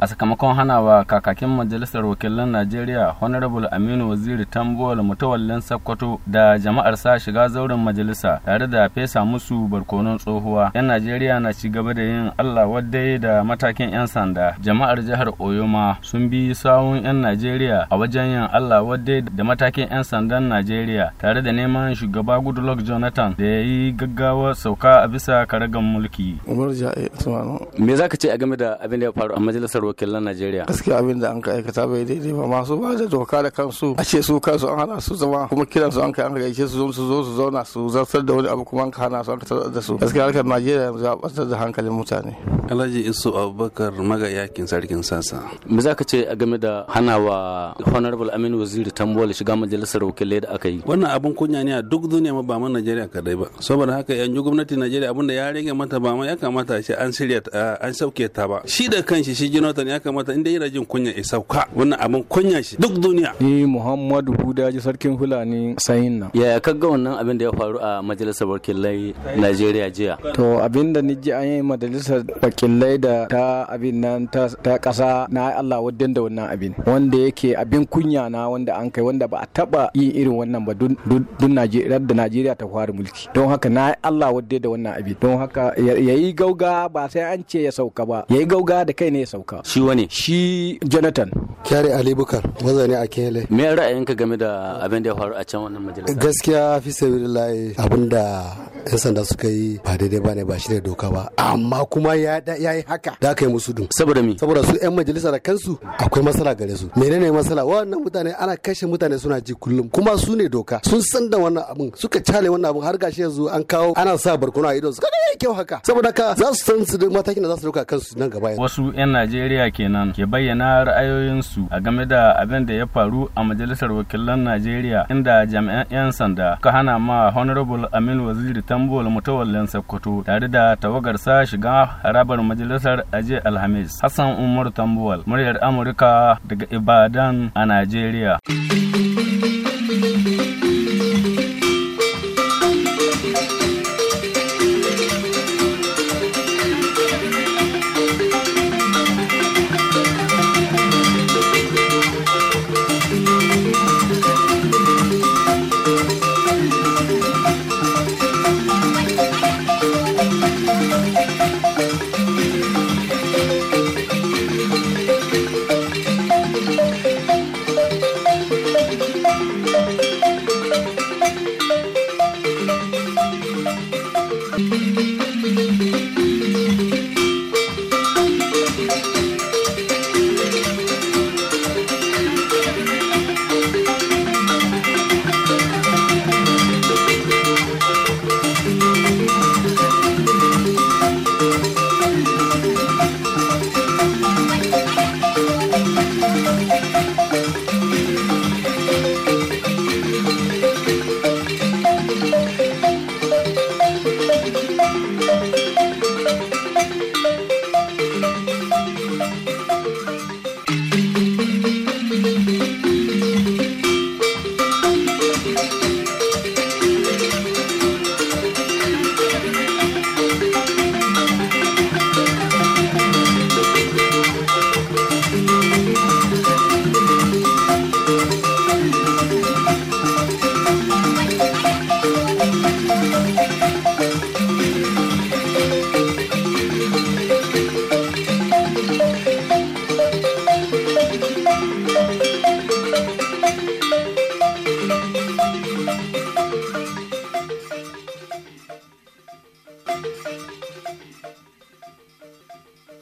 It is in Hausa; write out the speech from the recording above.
a sakamakon hanawa kakakin majalisar wakilan najeriya honorable aminu waziri tambuwal mutawallin sakkwato da jama'ar sa shiga zauren majalisa tare da fesa musu barkonon tsohuwa yan najeriya na ci gaba da yin allah wadda da matakin yan sanda jama'ar jihar oyoma sun bi sawun yan najeriya a wajen yin allah wadda da matakin yan sandan najeriya tare da neman shugaba goodluck jonathan da ya yi gaggawa sauka a bisa karagan mulki me za ka ce a game da abin da ya faru a majalisar wakilan Najeriya. Gaskiya abin da an ka aikata bai daidai ba masu ba da doka da kansu a ce su kansu an hana su zama kuma kiran su an kai an gaishe su su zo su zauna su zartar da wani abu kuma an hana su an tarda da su. Gaskiya harkar Najeriya yanzu a ɓatar da hankalin mutane. Alhaji Isu Abubakar magayakin sarkin sasa. Me za ka ce game da hanawa Honorable Aminu Waziri Tambola shiga majalisar wakilai da aka yi? Wannan abin kunya ne a duk duniya ba ma Najeriya kadai ba. Saboda haka yanzu gwamnatin Najeriya abin da ya rage mata ba ma ya kamata a ce an shirya an sauke ta ba. Shi da kanshi shi gino kamata ne ya kamata inda yana jin kunya ya sauka wannan abin kunya shi duk duniya ni muhammadu budaji sarkin fulani sayin nan ya ka ga wannan abin da ya faru a majalisar wakilai najeriya jiya to abin da niji an yi majalisar wakilai da ta abin nan ta kasa na allah wadden da wannan abin wanda yake abin kunya na wanda an kai wanda ba a taba yin irin wannan ba dun najeriya da najeriya ta fara mulki don haka na allah wadde da wannan abin don haka yayi gauga ba sai an ce ya sauka ba yayi gauga da kai ne ya sauka haka shi wani shi jonathan kyare ali bukar mazauni a kele me ra'ayinka game da abin da ya faru a can wannan majalisa gaskiya fi sabilillahi abin da yan sanda suka yi ba daidai ba ne ba shi da doka ba amma kuma ya yi haka da aka yi musu dun saboda mi saboda su yan majalisa da kansu akwai matsala gare su menene matsala wannan mutane ana kashe mutane suna ji kullum kuma su ne doka sun san da wannan abin suka cale wannan abin har gashi yanzu an kawo ana sa barkuna a idon su kaga kyau haka saboda ka za su san su matakin da za su dauka kansu nan gaba wasu yan Najeriya Najeriya kenan ke bayyana ra'ayoyinsu a game da abin da ya faru a Majalisar Wakilan Najeriya inda jami'an 'yan sanda ka hana ma Honorable Aminu Waziri Tambol mutawallin Sokoto tare da tawagar sa shiga harabar majalisar aje Alhamis. Hassan Umar Tambol, muryar Amurka daga Ibadan a Najeriya. Thank you.